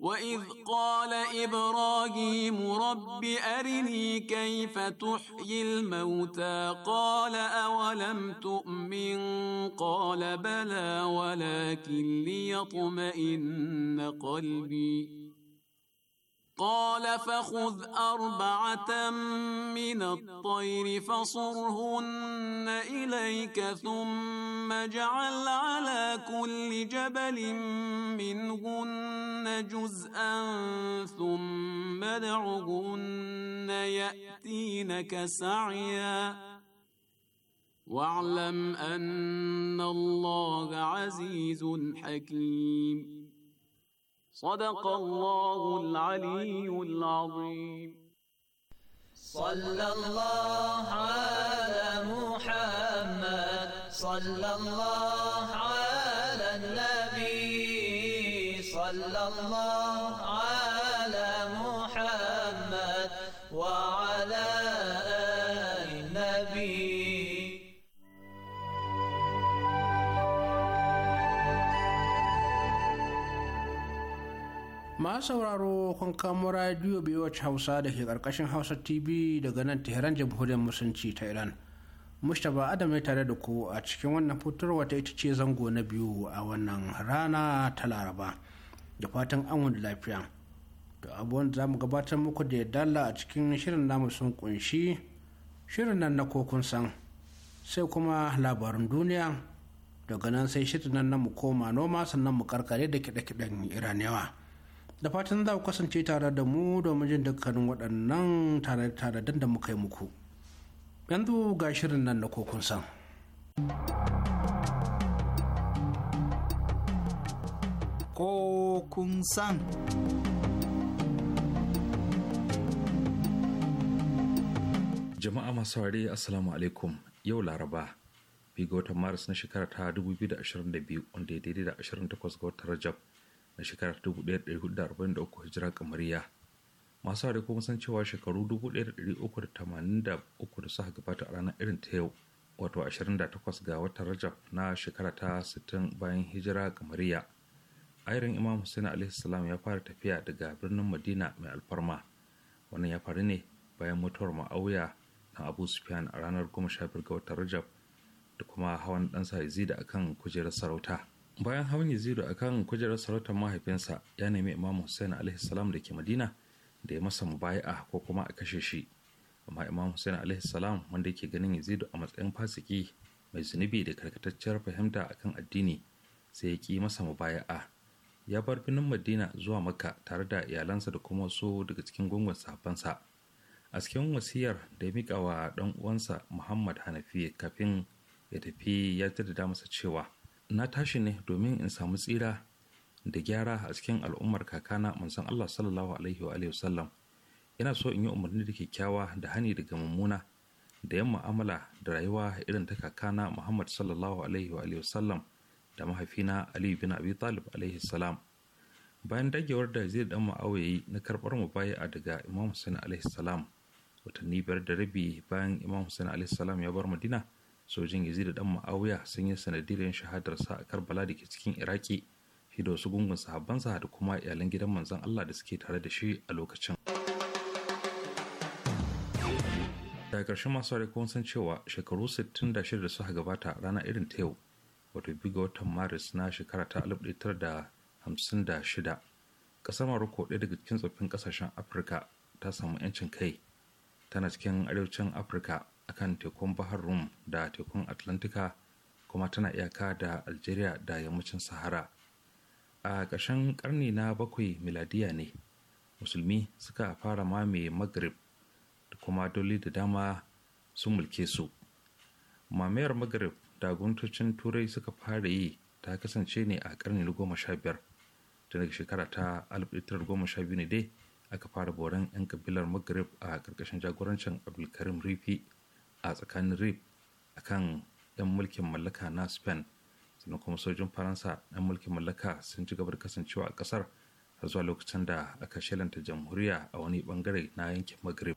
واذ قال ابراهيم رب ارني كيف تحيي الموتى قال اولم تؤمن قال بلى ولكن ليطمئن قلبي قال فخذ اربعه من الطير فصرهن اليك ثم اجعل على كل جبل منهن جزءا ثم دعهن يأتينك سعيا واعلم أن الله عزيز حكيم صدق الله العلي العظيم صلى الله على محمد صلى الله على masu sauraro kun kamo radio BOH Hausa da ke karkashin Hausa TV daga nan Tehran jamhuriyar musulunci ta Iran. Mustapha Adam ya tare da ku a cikin wannan fitarwa ta ita ce zango na biyu a wannan rana ta Laraba. Da fatan an wani lafiya. da abubuwan da zamu gabatar muku da dala a cikin shirin namu sun kunshi shirin nan na kokun san sai kuma labarin duniya daga nan sai shirin nan na mu koma noma sannan mu karkare da kiɗe-kiɗen iraniyawa. da fatan za ku kasance tare da mu domin jin dukkanin waɗannan tare da muka yi muku yanzu ga shirin nan na kokun san kokun san jama'a masu ware assalamu alaikum yau laraba biyu ga watan maris na shekara ta 2022 wanda ya daidai da 28 ga watan rajab na shekarar 1443 hijira kamariya masu hari kuma san cewa shekaru 1383 da suka gabata a ranar irin ta yau wato 28 ga watan rajab na shekara ta 60 bayan hijira kamariya ayarin imam hussein alaihi ya fara tafiya daga birnin madina mai alfarma wannan ya faru ne bayan mutuwar ma'auya na abu sufyan a ranar 15 ga watan rajab da kuma hawan ɗansa yazid akan kujerar sarauta bayan hawan yazidu a kan kujerar sarautar mahaifinsa ya nemi imam hussein alaihissalam da ke madina da ya masa mubaya'a ko kuma a kashe shi amma imam hussein alaihissalam wanda yake ganin yazidu a matsayin fasiki mai zunubi da karkatacciyar fahimta akan addini sai ya ki masa mubaya'a ya bar binin madina zuwa makka tare da iyalansa da kuma wasu daga cikin gungun safansa a cikin wasiyar da ya mika wa ɗan uwansa muhammad hanafi kafin ya tafi ya jaddada masa cewa na tashi ne domin in samu tsira da gyara a cikin al'ummar kakana manzon Allah sallallahu alaihi wa alihi wasallam ina so in yi umarni da kyakkyawa da hani daga mummuna da yan mu'amala da rayuwa irin ta kakana Muhammad sallallahu alaihi wa alihi wasallam da mahaifina Ali bin Abi Talib alaihi salam bayan dagewar da zai dan ma'awayi na karbar mu a daga Imam Hussein alaihi salam watanni biyar da rabi bayan Imam Hussein alaihi salam ya bar Madina sojin yazid da dan ma'auya sun yi sanadiyar shahadarsa a karbala da ke cikin iraki shi da wasu gungun sahabbansa da kuma iyalan gidan manzon allah da suke tare da shi a lokacin daga ƙarshen masu kun san cewa shekaru 66 da suka gabata rana irin ta yau wato biyu ga watan maris na shekara ta 1956 ƙasar maroko ɗaya daga cikin tsoffin ƙasashen afirka ta samu 'yancin kai tana cikin arewacin afirka akan tekun bahar rum da tekun atlantika kuma tana iyaka da algeria da yammacin sahara a ƙarshen ƙarni na bakwai miladiya ne musulmi suka fara mame maghrib da kuma dole da dama sun mulke su mamayar maghrib da guntocin turai suka fara yi ta kasance ne a ƙarni na goma sha biyar tun daga shekara ta goma sha biyu ne dai aka fara boran 'yan kabilar maghrib a ƙarƙashin jagorancin abdulkarim rifi a tsakanin rif a kan 'yan mulkin mallaka na spain sannan kuma sojin faransa 'yan mulkin mallaka sun ci gaba da kasancewa a kasar har zuwa lokacin da aka shelanta jamhuriya a wani bangare na yankin maghrib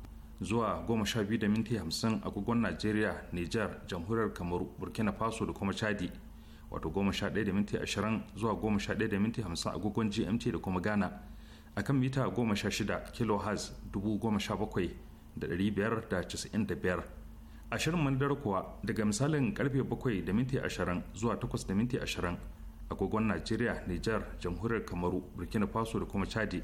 zuwa goma sha biyu da agogon najeriya nijar jamhuriyar kamaru burkina faso da kuma chadi wato goma sha ɗaya zuwa goma sha ɗaya agogon gmt da kuma ghana akan mita goma sha shida kilohertz dubu goma bakwai da ɗari biyar da da biyar ashirin mandar kuwa daga misalin karfe bakwai da minti ashirin zuwa takwas da minti ashirin agogon najeriya nijar jamhuriyar kamaru burkina faso da kuma chadi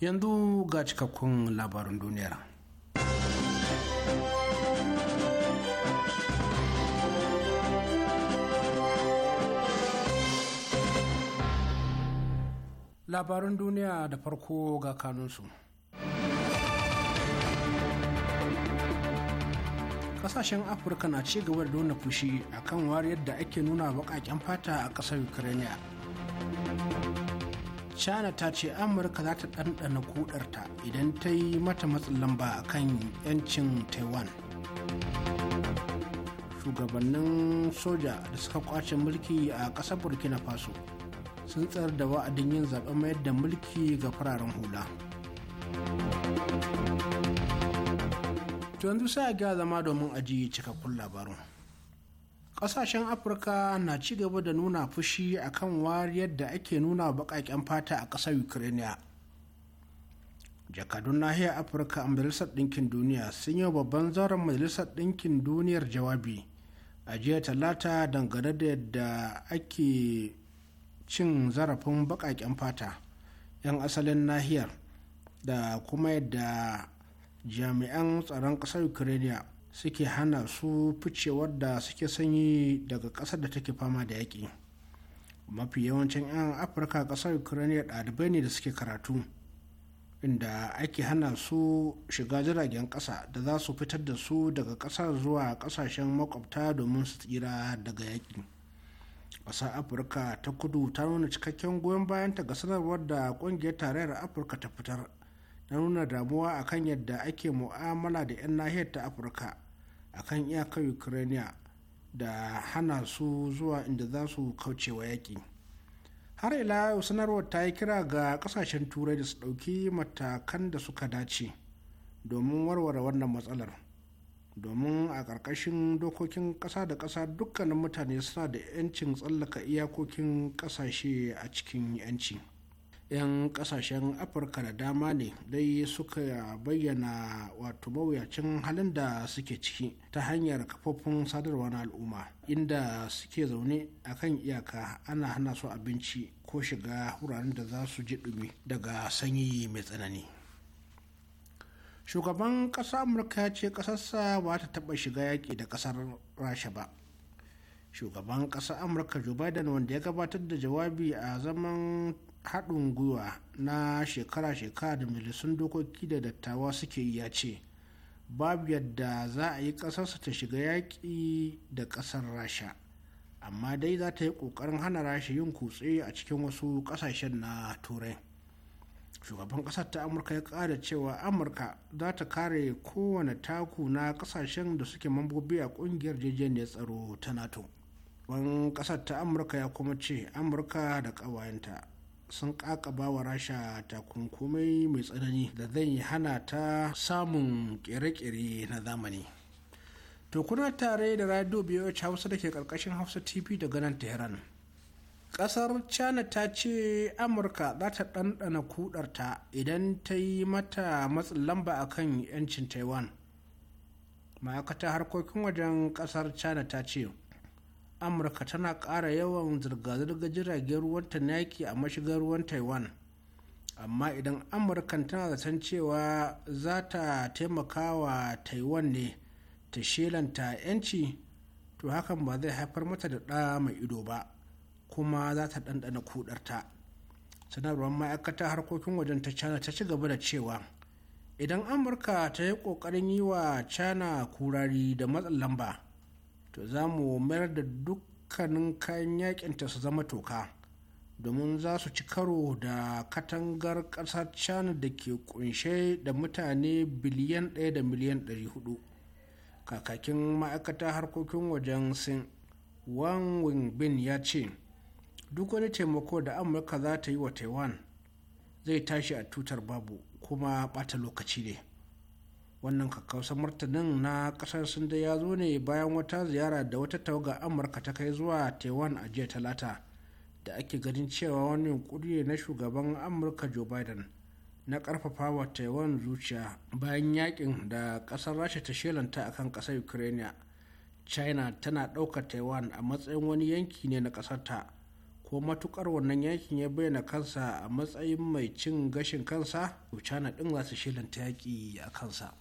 yanzu ga cikakkun labarin duniya labarin duniya da farko ga kanunsu kasashen afirka na ci gaba da nuna fushi akan wariyar da ake nuna baƙaƙen fata a ƙasar ukraine china ta ce amurka za ta ɗanɗana kudarta idan ta yi mata matsin lamba a kan 'yancin taiwan shugabannin soja da suka kwace mulki a ƙasar burkina faso sun tsar da wa'adin yin zaɓen mayar da mulki ga fararen hula to yanzu sai a zama domin ajiye cikakkun labarun. kasashen afirka na ci gaba da nuna fushi akan wariyar da ake nuna baƙaƙen fata a ƙasar ukraine jakadun nahiyar afirka a majalisar ɗinkin duniya sun yi babban zauren majalisar ɗinkin duniyar jawabi a jiya talata dangane da yadda ake cin zarafin baƙaƙen fata 'yan asalin nahiyar da kuma yadda jami'an tsaron ƙasar ukraine suke hana su ficewar da suke sanyi daga ƙasar da take fama da yaƙi mafi yawancin 'yan afirka ƙasar ukraine ɗalibai ne da suke karatu inda ake hana su shiga jiragen ƙasa da za su fitar da su daga ƙasar zuwa ƙasashen makwabta domin su tsira daga yaƙi ƙasar afirka ta kudu ta nuna cikakken goyon bayan ta ga sanarwar da ƙungiyar tarayyar afirka ta fitar na nuna damuwa akan yadda ake mu'amala da 'yan nahiyar ta afirka a kan iyakar ukraine da hana su zuwa inda za su wa yaƙi har ila yau sanarwar ta yi kira ga kasashen turai da su ɗauki matakan da suka dace domin warware wannan matsalar domin a ƙarƙashin dokokin ƙasa da ƙasa dukkanin mutane suna da 'yancin tsallaka iyakokin ƙasashe a cikin 'yanci. 'yan kasashen afirka da dama ne dai suka bayyana wato mawuyacin halin da suke ciki ta hanyar kafofin sadarwa na al'umma inda suke zaune a kan iyaka ana hana su abinci ko shiga wuraren da za su ji ɗumi daga sanyi mai tsanani shugaban ƙasa amurka ya ce ƙasarsa ba ta taɓa shiga yaƙi da ƙasar rasha ba shugaban ƙasar amurka joe biden wanda ya gabatar da jawabi a zaman haɗin gwiwa na shekara-shekara da majalisun dokoki da dattawa suke yi ya ce babu yadda za a yi ƙasarsa ta shiga yaƙi da ƙasar rasha amma dai za ta yi ƙoƙarin hana rasha yin kutse a cikin wasu ƙasashen na turai shugaban ƙasar ta amurka ya ƙara cewa amurka za ta kare kowane taku na ƙasashen da suke mambobi a ƙungiyar jejeniyar tsaro ta nato ban ƙasar ta amurka ya kuma ce amurka da ƙawayenta sun kakaba wa rasha takunkumai mai tsanani da zai hana ta samun kere-kere na zamani to kuna tare da radio biyu hausa da ke karkashin hausa tv daga nan tehran kasar china ta ce amurka za ta ɗanɗana kudarta idan ta yi mata matsin lamba a kan 'yancin taiwan ma'aikatar harkokin wajen kasar china ta ce amurka tana ƙara yawan zirga-zirgar jiragen ruwanta na yaƙi a mashigar ruwan taiwan amma idan amurka tana zaton cewa za ta taimaka wa taiwan ne ta shelanta 'yanci to hakan ba zai haifar mata da ɗa mai ido ba kuma za ta ɗanɗana kudarta sanarwar ma'aikata harkokin wajen ta china ta ci gaba da cewa idan amurka ta yi ƙoƙarin yi wa china kurari da matsin lamba to za mu mayar da dukkanin kayan ta su zama toka domin za su ci karo da katangar ƙasar china da ke kunshe da mutane biliyan ɗaya da miliyan ɗari kakakin ma'aikata harkokin wajen sin wang wingbin ya ce duk wani taimako da amurka za ta yi wa taiwan zai tashi a tutar babu kuma ɓata lokaci ne wannan kakkausar martanin na kasar sun da ya zo ne bayan wata ziyara da wata tawaga amurka ta kai zuwa taiwan a jiya talata da ake ganin cewa wani yunkuri na shugaban amurka joe biden na karfafa wa taiwan zuciya bayan yakin da kasar rasha ta shelanta akan kasar ukraine china tana ɗaukar taiwan a matsayin wani yanki ne na ƙasarta ko matukar wannan yakin ya bayyana kansa a matsayin mai cin gashin kansa china ɗin za su shelanta yaƙi a kansa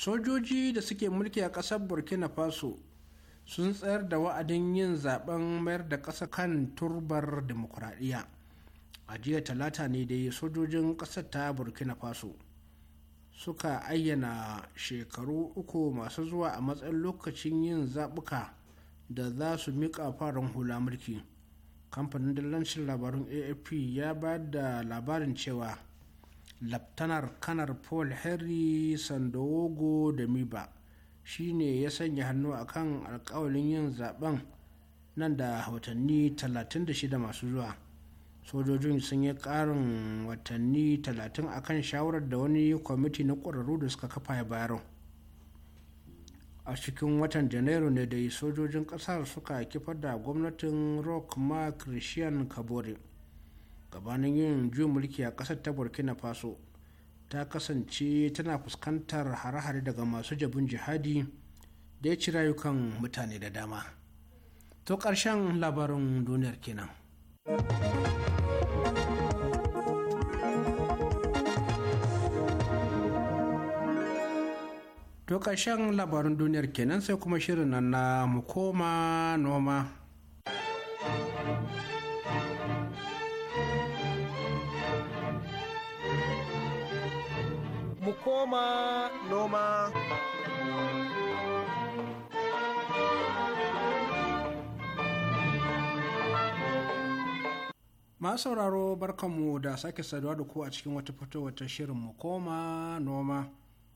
sojoji da suke mulki a ƙasar burkina faso sun tsayar da wa'adin yin zaben mayar da ƙasa kan turbar demokuraɗiyya a jiya talata ne dai sojojin ƙasar ta burkina faso suka ayyana shekaru uku masu zuwa a matsayin lokacin yin zaɓuka da za su miƙa farin hula mulki kamfanin dillancin labarun afp ya bayar da labarin cewa laftanar kanar paul henry sandogo da miba shine ya sanya hannu a kan alkawalin yin zaben nan da watanni 36 masu zuwa sojojin sun yi karin watanni 30 akan shawarar da wani kwamiti na ƙwararru da suka kafa ya bayarwa a cikin watan janairu ne da sojojin kasar suka kifar da gwamnatin rock mark christian kabore gabanin yin juyin mulki a ƙasar ta burkina faso ta kasance tana fuskantar hare-hare daga masu jabin jihadi da ya ci rayukan mutane da dama to ƙarshen labarin duniyar kenan. To ƙarshen labarin duniyar kenan sai kuma shirin nan na mu koma noma. koma noma. Ma sauraro barkanmu da sake saduwa da ku a cikin wata fitowar ta shirin mu koma noma.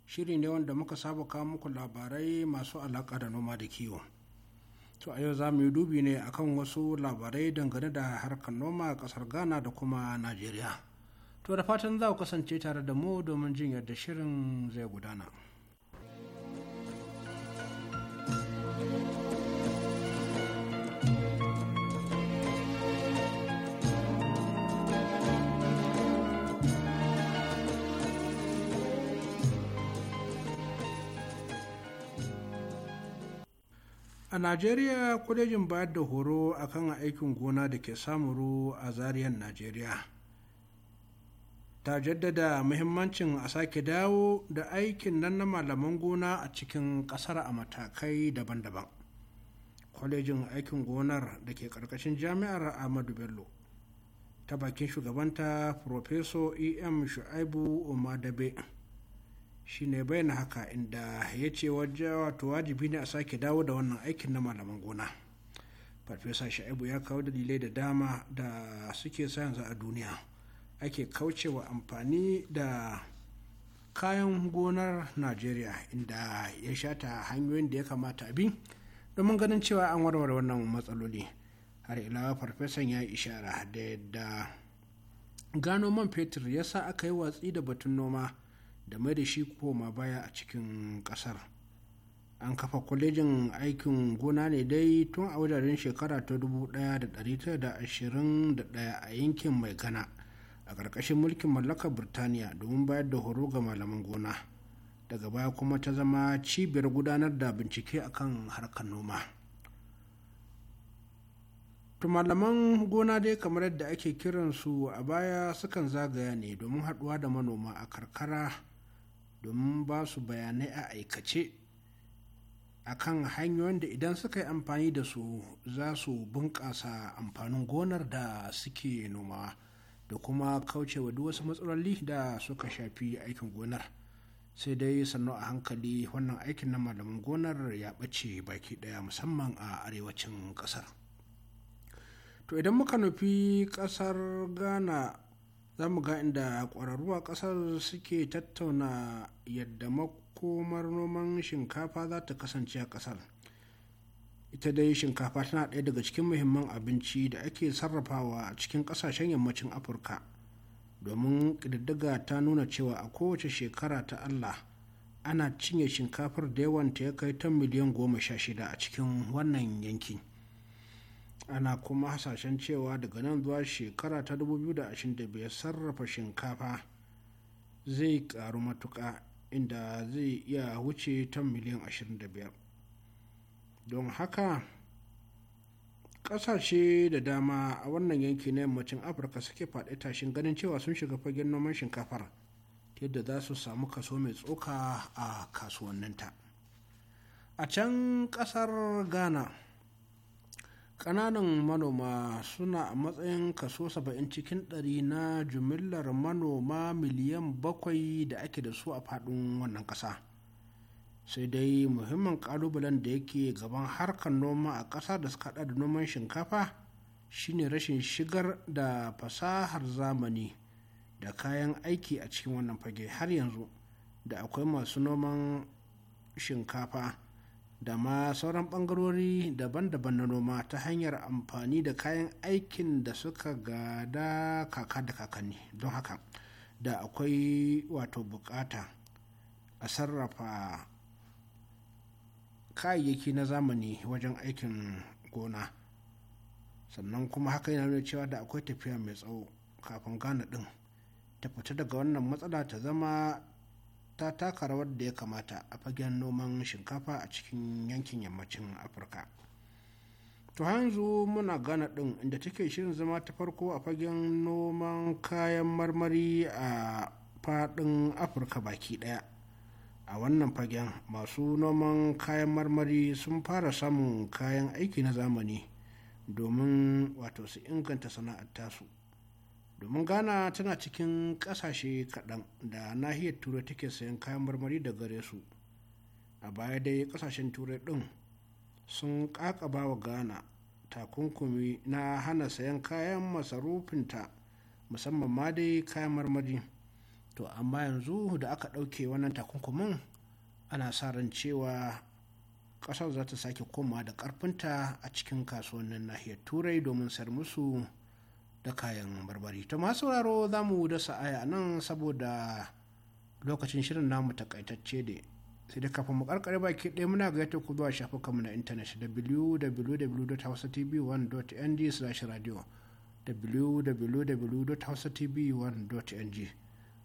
Shiri ne wanda muka saba kawo muku labarai masu alaƙa da noma da kiwo. To a yau za mu yi dubi ne akan wasu labarai dangane da harkar noma a ƙasar Ghana da kuma Najeriya. to da fatan za ku kasance tare da mu domin jin yadda shirin zai gudana. a najeriya kwalejin bayar da horo akan aikin gona da ke samuru a zariyar najeriya ta jaddada muhimmancin a sake dawo da aikin nan na malaman gona a cikin ƙasar a matakai daban-daban kwalejin aikin gonar da ke ƙarƙashin jami'ar ahmadu bello ta bakin shugabanta profeso em shu'aibu umadabe shi ne bayan haka inda ya ce wato wajibi ne a sake dawo da wannan aikin na malaman gona farfesa sha'ibu ya kawo dalilai da dama da suke sa yanzu a duniya ake kaucewa amfani da kayan gonar najeriya inda ya shata hanyoyin da ya kamata bi domin ganin cewa an warware wannan matsaloli har ila farfesan ya ishara da yadda gano man fetur ya sa aka yi watsi da batun noma da mai da shi koma baya a cikin kasar an kafa kwalejin aikin gona ne dai tun a wajen shekara ta 1921 a yankin mai gana a ƙarƙashin mulkin mallakar birtaniya domin bayar da horo ga malaman gona daga baya kuma ta zama cibiyar gudanar da bincike akan harkar noma to malaman gona dai kamar yadda ake kiransu a baya sukan zagaya ne domin haɗuwa da manoma a karkara domin ba su bayanai a aikace akan hanyoyin da idan suka yi amfani da su za su bunƙasa amfanin gonar da suke nomawa da kuma kaucewa duk wasu matsaloli da suka shafi aikin gonar sai dai sannu a hankali wannan aikin na malaman gonar ya ɓace baki ɗaya musamman a arewacin ƙasar to idan muka nufi ƙasar ghana za mu ga inda ƙwararru a ƙasar suke tattauna yadda makomar noman shinkafa za ta kasance a ƙasar ita dai shinkafa tana ɗaya daga cikin muhimman abinci da ake sarrafawa a cikin ƙasashen yammacin afirka domin ƙididdiga ta nuna cewa a kowace shekara ta allah ana cinye shinkafar da yawan ta ya kai ta miliyan goma sha shida a cikin wannan yanki ana kuma hasashen cewa daga nan zuwa shekara ta 2025 sarrafa shinkafa zai karu matuka inda zai iya wuce ta miliyan 25 don haka ƙasashe da dama a wannan yanki na yammacin afirka suke faɗi tashin ganin cewa sun shiga fagen noman shinkafar yadda za su samu kaso mai tsoka a kasuwanninta a can ƙasar ghana ƙananan manoma suna a matsayin kaso 70 cikin 100 na jumillar manoma miliyan 7 da ake da su a faɗin wannan ƙasa. sai dai muhimmin kalubalen da yake gaban harkar noma a ƙasa da suka da noman shinkafa shine rashin shigar da fasahar zamani da kayan aiki a cikin wannan fage har yanzu da akwai masu noman shinkafa da ma sauran bangarori daban-daban na noma ta hanyar amfani da kayan aikin da suka gada kaka da kakanni don haka da akwai wato bukata a sarrafa kayayyaki na zamani wajen aikin gona sannan kuma haka yana nuna cewa da akwai tafiya mai tsawo kafin gane din ta fita daga wannan matsala ta zama ta taka rawar da ya kamata a fagen noman shinkafa a cikin yankin yammacin afirka to hanzu muna gana din inda take shirin zama ta farko a fagen noman kayan marmari a fadin afirka baki ɗaya a wannan fagen masu noman kayan marmari sun fara samun kayan aiki na zamani domin wato su inganta sana'ar tasu domin ghana tana cikin kasashe kaɗan da nahiyar turai take sayan kayan marmari da gare su a baya dai kasashen turai ɗin sun ƙaƙaba wa ghana takunkumi na hana sayan kayan masarufinta musamman ma dai kayan marmari to amma yanzu da aka ɗauke wannan takunkumin ana sa ran cewa ƙasar za ta sake koma da ƙarfinta a cikin kasuwannin nahiyar turai domin sayar musu da kayan barbari ta masu sauraro za mu dasa aya nan saboda lokacin shirin namu takaitacce ne sai da kafin mu karkare baki ɗaya muna gaita ku zuwa shafukanmu na intanet www.hausatv1.ng/radio www.hausatv1.ng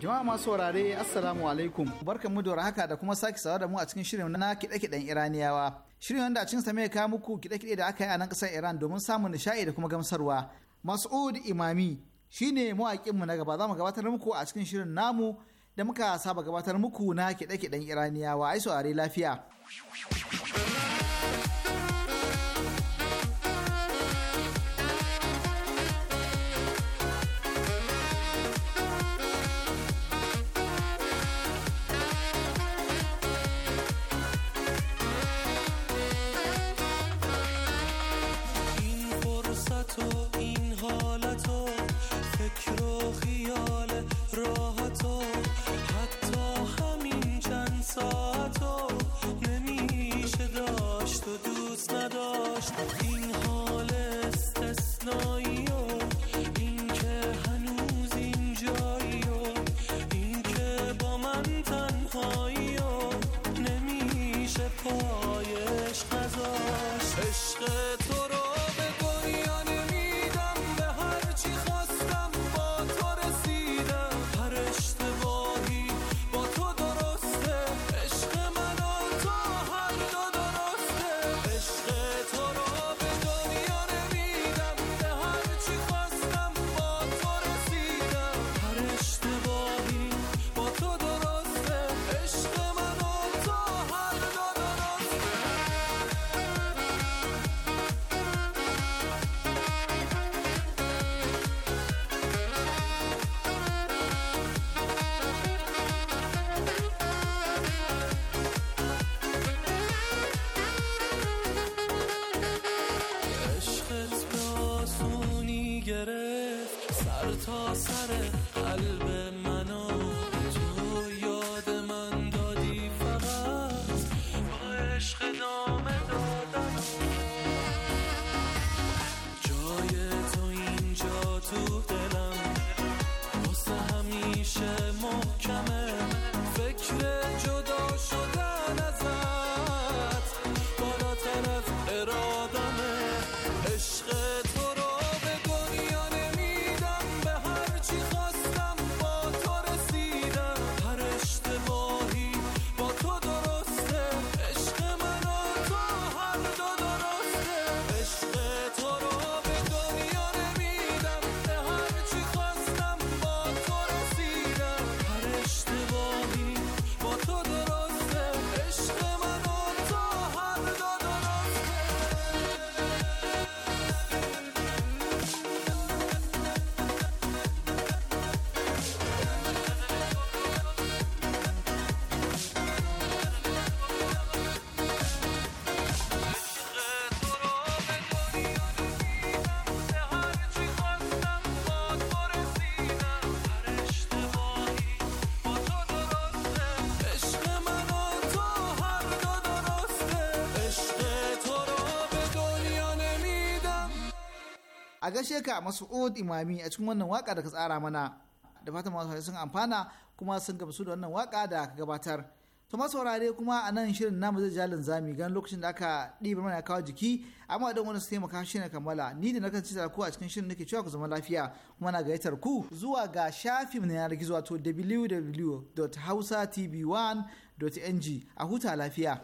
Jama'a masu wurare Assalamu alaikum. Barkan mu da haka da kuma sake sawa da mu a cikin shirin na kiɗe-kiɗen Iraniyawa. Shirin wanda a cikin sa mai kawo muku kiɗe-kiɗe da aka yi a nan ƙasar Iran domin samun nishaɗi da kuma gamsarwa. Mas'ud Imami shine mawaƙin mu na gaba za mu gabatar muku a cikin shirin namu da muka saba gabatar muku na kiɗe-kiɗen Iraniyawa. Ai saurare lafiya. ogen. سر a gaishe ka Mas'ud Imami a cikin wannan waka da ka tsara mana da fatan masu sun amfana kuma sun gamsu da wannan waka da ka gabatar to masu saurare kuma a nan shirin namu zai jalin zami gan lokacin da aka ɗiba mana kawo jiki amma don wani su taimaka shi ne kammala ni da nakan ci ku a cikin shirin nake cewa ku zama lafiya kuma na gayyatar ku zuwa ga shafin na yanar gizo wato www.hausatv1.ng a huta lafiya.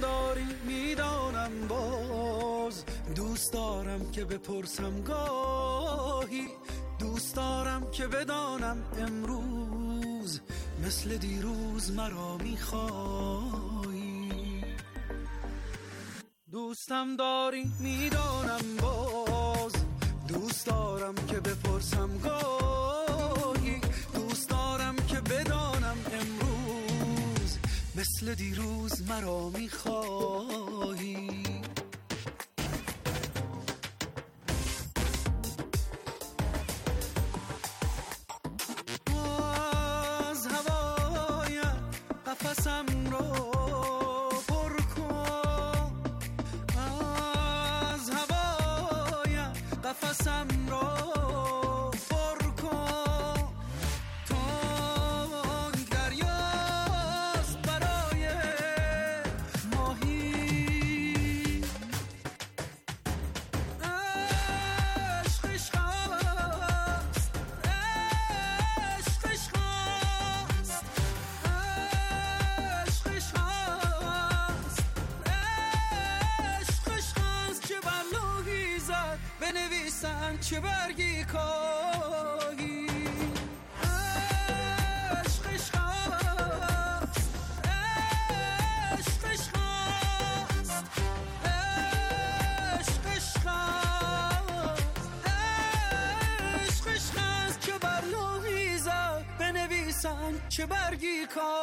داری میدانم باز دوست دارم که بپرسم گاهی دوست دارم که بدانم امروز مثل دیروز مرا میخوایی دوستم داری میدانم باز دوست دارم که بپرسم گاهی مثل دیروز مرا میخواهی بنویسن چه برگی کاهی چه برگی کار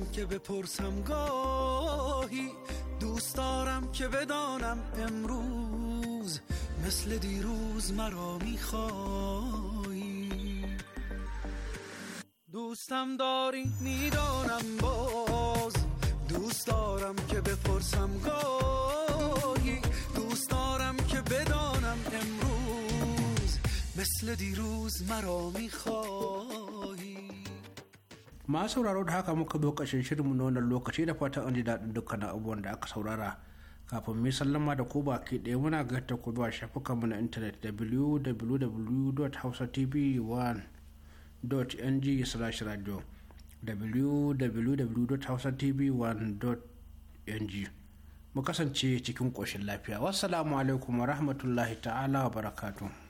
دارم که بپرسم گاهی دوست دارم که بدانم امروز مثل دیروز مرا میخوای دوستم داری میدانم باز دوست دارم که بپرسم گاهی دوست دارم که بدانم امروز مثل دیروز مرا میخوای Ma sauraro da haka muka zo ƙarshen shirinmu na wannan lokaci da fatan an ji daɗin dukkan abubuwan da aka saurara kafin mu sallama da ku baki ɗaya muna ga ta ku zuwa shafukanmu na intanet www.hausatv1.ng slash radio www.hausatv1.ng mu kasance cikin koshin lafiya wassalamu alaikum wa rahmatullahi ta'ala wa barakatuh